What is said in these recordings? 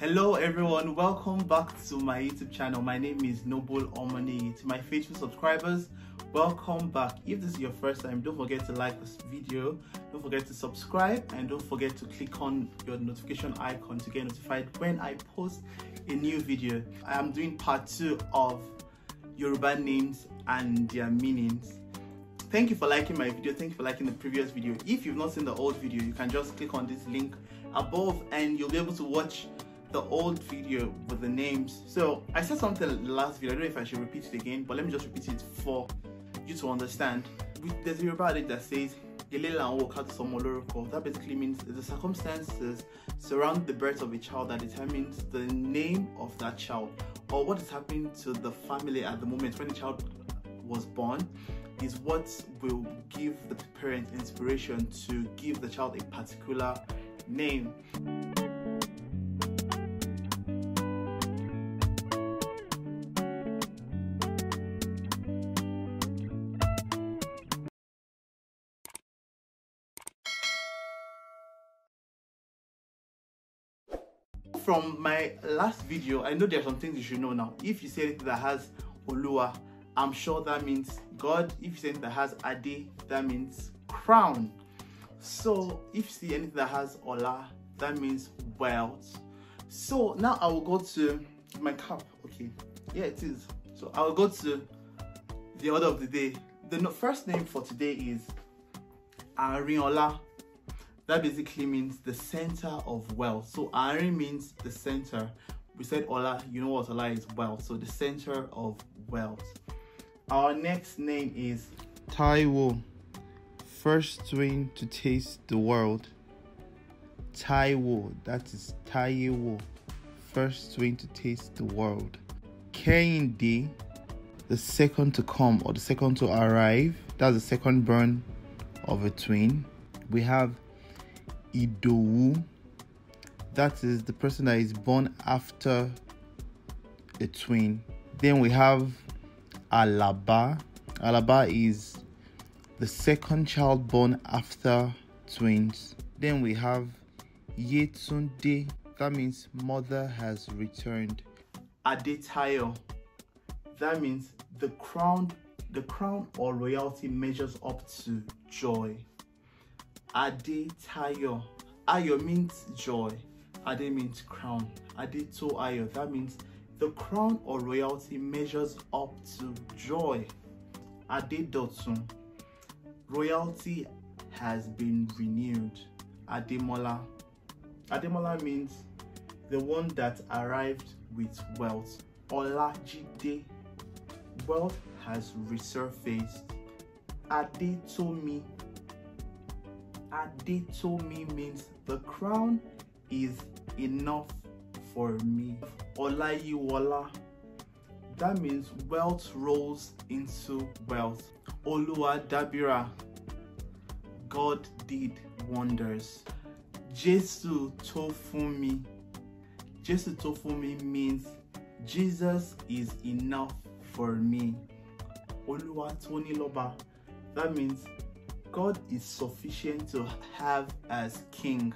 Hello everyone, welcome back to my YouTube channel. My name is Noble Omani. To my faithful subscribers, welcome back. If this is your first time, don't forget to like this video, don't forget to subscribe, and don't forget to click on your notification icon to get notified when I post a new video. I am doing part two of Yoruba names and their meanings. Thank you for liking my video. Thank you for liking the previous video. If you've not seen the old video, you can just click on this link above and you'll be able to watch the old video with the names. So I said something last video, I don't know if I should repeat it again, but let me just repeat it for you to understand. There's a Yoruba that says, that basically means the circumstances surround the birth of a child that determines the name of that child or what is happening to the family at the moment when the child was born is what will give the parent inspiration to give the child a particular name. from my last video, I know there are some things you should know now. If you say anything that has Olua, I'm sure that means God. If you say anything that has Ade, that means crown. So if you see anything that has Ola, that means wealth. So now I will go to my cup. Okay, yeah, it is. So I will go to the order of the day. The first name for today is Ariola. That basically means the center of wealth. So Ari means the center. We said Ola, you know what Ola is wealth. So the center of wealth. Our next name is Taiwo. First twin to taste the world. Taiwo, that is Taiwo. First twin to taste the world. Kehinde, the second to come or the second to arrive. That's the second born of a twin. We have Idowu, that is the person that is born after a twin. Then we have Alaba. Alaba is the second child born after twins. Then we have Yetunde. That means mother has returned. Adetayo. That means the crown, the crown or royalty measures up to joy. Tayo. Ayo means joy. Ade means crown. to Ayo. That means the crown or royalty measures up to joy. Adedotun. Royalty has been renewed. mola, Ade mola means the one that arrived with wealth. Olajide. Wealth has resurfaced. Adetomi Adetomi means the crown is enough for me. Olayiwola, that means wealth rolls into wealth. Olua Dabira, God did wonders. Jesu Tofumi, Jesu Tofumi means Jesus is enough for me. Oluwa Toniloba, that means God is sufficient to have as king.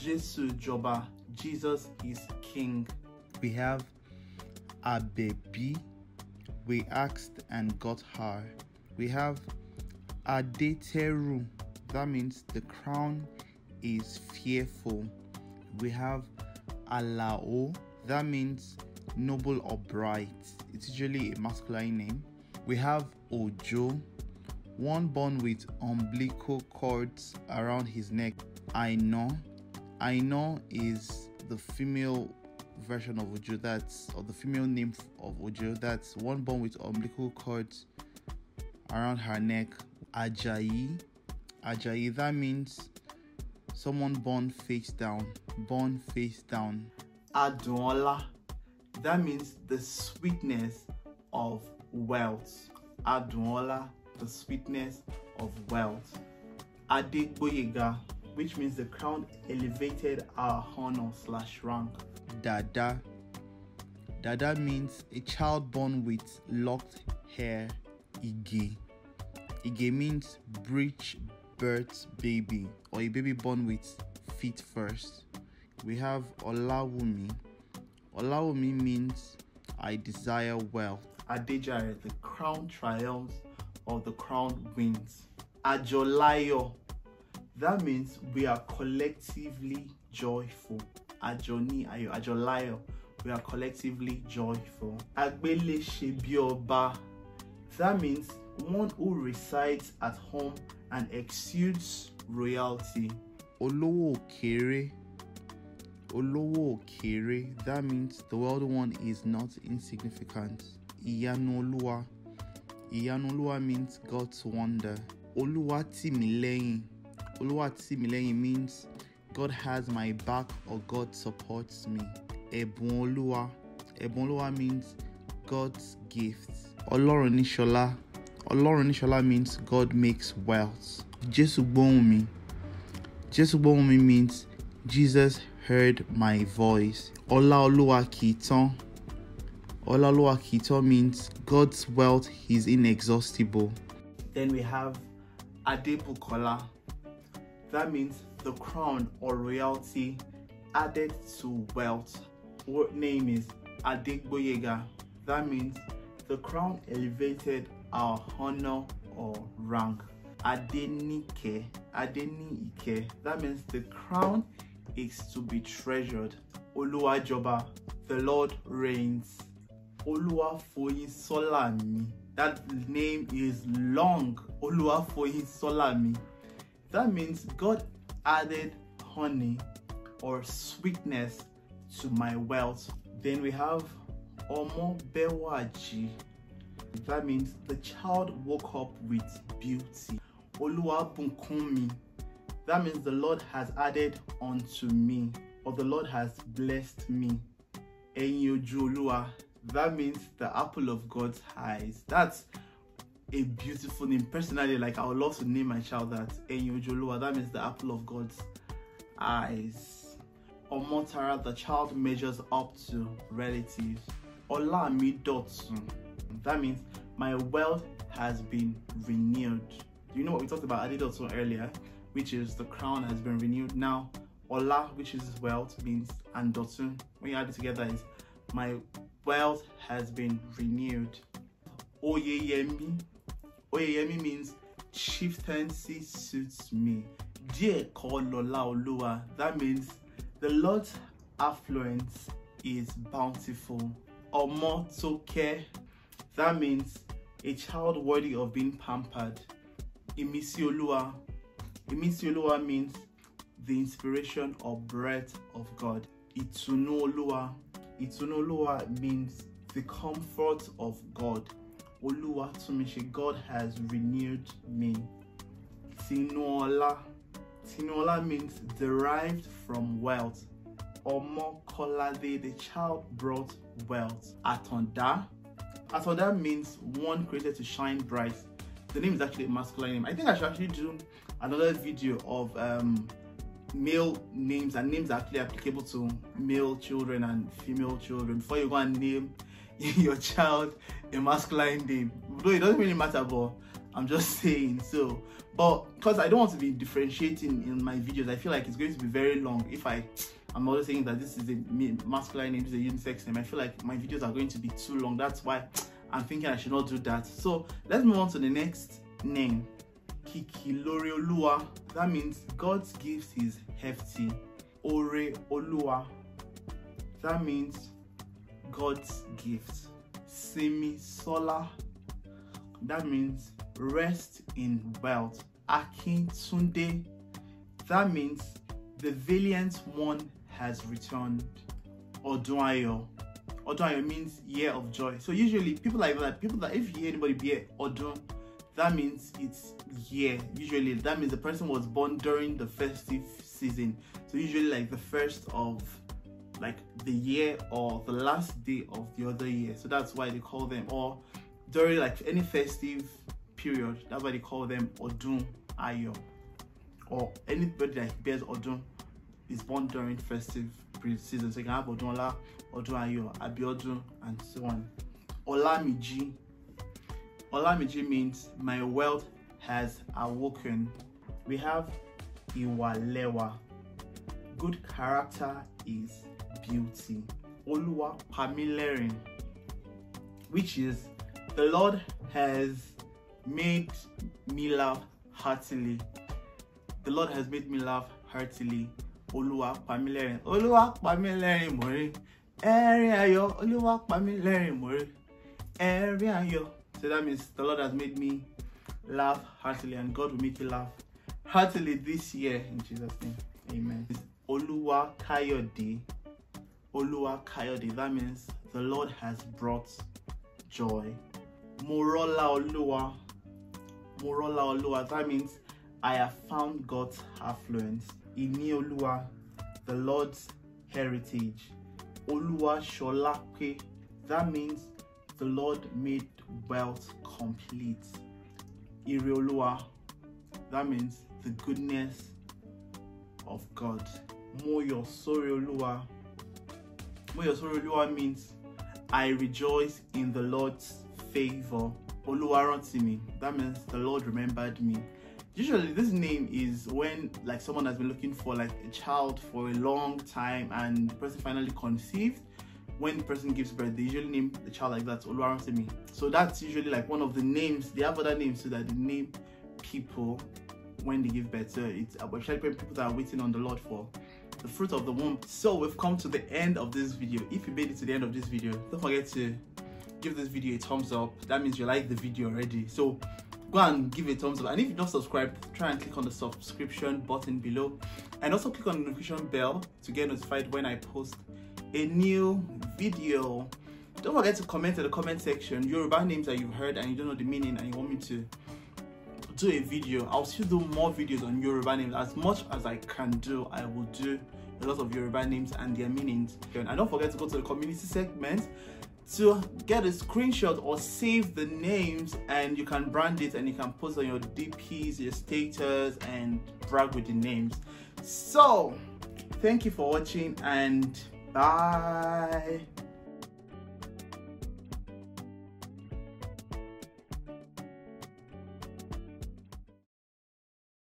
Jesus Joba, Jesus is king. We have a baby. We asked and got her. We have a deteru. That means the crown is fearful. We have alao. That means noble or bright. It's usually a masculine name. We have ojo one born with umbilical cords around his neck. Aino. Aino is the female version of Ojo. that's or the female name of Ojo. that's one born with umbilical cords around her neck. Ajayi. Ajayi, that means someone born face down, born face down. Adunola, that means the sweetness of wealth. Adunola the sweetness of wealth. Adegboyega, which means the crown elevated our honor slash rank. Dada. Dada means a child born with locked hair, Ige. Ige means breech birth baby or a baby born with feet first. We have Olawumi. Olawumi means I desire wealth. Adejare, the crown triumphs of the crown wins. Ajolayo. That means we are collectively joyful. Ajoni ayo. Ajolayo. We are collectively joyful. Agbele Shebioba. That means one who resides at home and exudes royalty. Olowo Kere. Olowo Kere. That means the world one is not insignificant. Iyanoluwa Ìyanu Olúwa means God's wonder. Oluwatimileyin. Oluwatimileyin means God has my back or God supports me. Ẹ̀bùn Olúwa. Ẹ̀bùn Olúwa means God's gift. Ọlọ́run níṣọlá. Ọlọ́run níṣọlá means God makes wealth. Jésù gbóhùn mi. Jésù gbóhùn mi means Jesus heard my voice. Ọlá Olúwa kì í tán. Olalo Akito means God's wealth is inexhaustible. Then we have Adebukola. That means the crown or royalty added to wealth. What name is Adegboyega? That means the crown elevated our honor or rank. Adenike, Adenike. That means the crown is to be treasured. Oluwajoba, the Lord reigns. Oluwafoyin Solami. That name is long. Oluwafoyin Solami. That means God added honey or sweetness to my wealth. Then we have Omo Bewaji. That means the child woke up with beauty. Oluwabunkumi. That means the Lord has added unto me or the Lord has blessed me. Eyin Oluwa that means the apple of God's eyes. That's a beautiful name. Personally, like I would love to name my child that Enyojolua. That means the apple of God's eyes. Omotara, the child measures up to relatives. mi Dotsu. That means my wealth has been renewed. You know what we talked about Adidotsu earlier, which is the crown has been renewed. Now, Ola, which is wealth, means and Dotsu. When you add it together, is my wealth has been renewed. Oyeyemi. Oyeyemi means chieftaincy suits me. Dear Olua, that means the Lord's affluence is bountiful. Omotoke, that means a child worthy of being pampered. Imisiolua, Imisiolua means the inspiration or breath of God. Itunu Itunoluwa means the comfort of God. Oluwa Tumishi, God has renewed me. Tinuola. Tinola means derived from wealth. Omo Kolade, the child brought wealth. Atonda. Atonda means one created to shine bright. The name is actually a masculine name. I think I should actually do another video of um, male names and names are actually applicable to male children and female children before you go and name your child a masculine name though it doesn't really matter but i'm just saying so but because i don't want to be differentiating in my videos i feel like it's going to be very long if i i'm always saying that this is a masculine name this is a unisex name i feel like my videos are going to be too long that's why i'm thinking i should not do that so let's move on to the next name Kiki Olua. That means God's gift is hefty. Ore Olua. That means God's gift. Simi Sola. That means rest in wealth. Akin Sunde. That means the valiant one has returned. Odunayo. Odunayo means year of joy. So usually people like that, people that if you hear anybody be Odun, that means it's year usually that means the person was born during the festive season so usually like the first of like the year or the last day of the other year so that's why they call them or during like any festive period that's why they call them odun ayo or anybody that bears odun is born during festive season so you can have odun ola odun ayo abiodun and so on olamiji Olamiji means my wealth has awoken. We have Iwalewa. Good character is beauty. Oluwa Pamilerin, which is the Lord has made me laugh heartily. The Lord has made me laugh heartily. Oluwa Pamilerin. Oluwa Pamilerin Mori. Ẹ̀rín Olua Oluwa Pamilerin Mori. Ẹ̀rín ayọ̀. So that means the Lord has made me laugh heartily, and God will make you laugh heartily this year in Jesus' name. Amen. It's Oluwa Kayode. Oluwa Kayode. That means the Lord has brought joy. Morola Oluwa. Morola Oluwa. That means I have found God's affluence. Ini Oluwa, the Lord's heritage. Oluwa Sholape. That means the Lord made wealth complete. Iriolua, that means the goodness of God. Moyo Soriolua. Moyo means I rejoice in the Lord's favor. Oluwarantimi, that means the Lord remembered me. Usually this name is when like someone has been looking for like a child for a long time and the person finally conceived when the person gives birth, they usually name the child like that, Oluwansemi. So that's usually like one of the names. They have other names so that they name people when they give birth. So it's uh, especially people that are waiting on the Lord for the fruit of the womb. So we've come to the end of this video. If you made it to the end of this video, don't forget to give this video a thumbs up. That means you like the video already. So go and give it a thumbs up and if you're not subscribed try and click on the subscription button below and also click on the notification bell to get notified when i post a new video don't forget to comment in the comment section Yoruba names that you've heard and you don't know the meaning and you want me to do a video I'll still do more videos on Yoruba names as much as I can do I will do a lot of Yoruba names and their meanings and don't forget to go to the community segment to get a screenshot or save the names and you can brand it and you can post on your DPs, your status and brag with the names. So thank you for watching and Bye.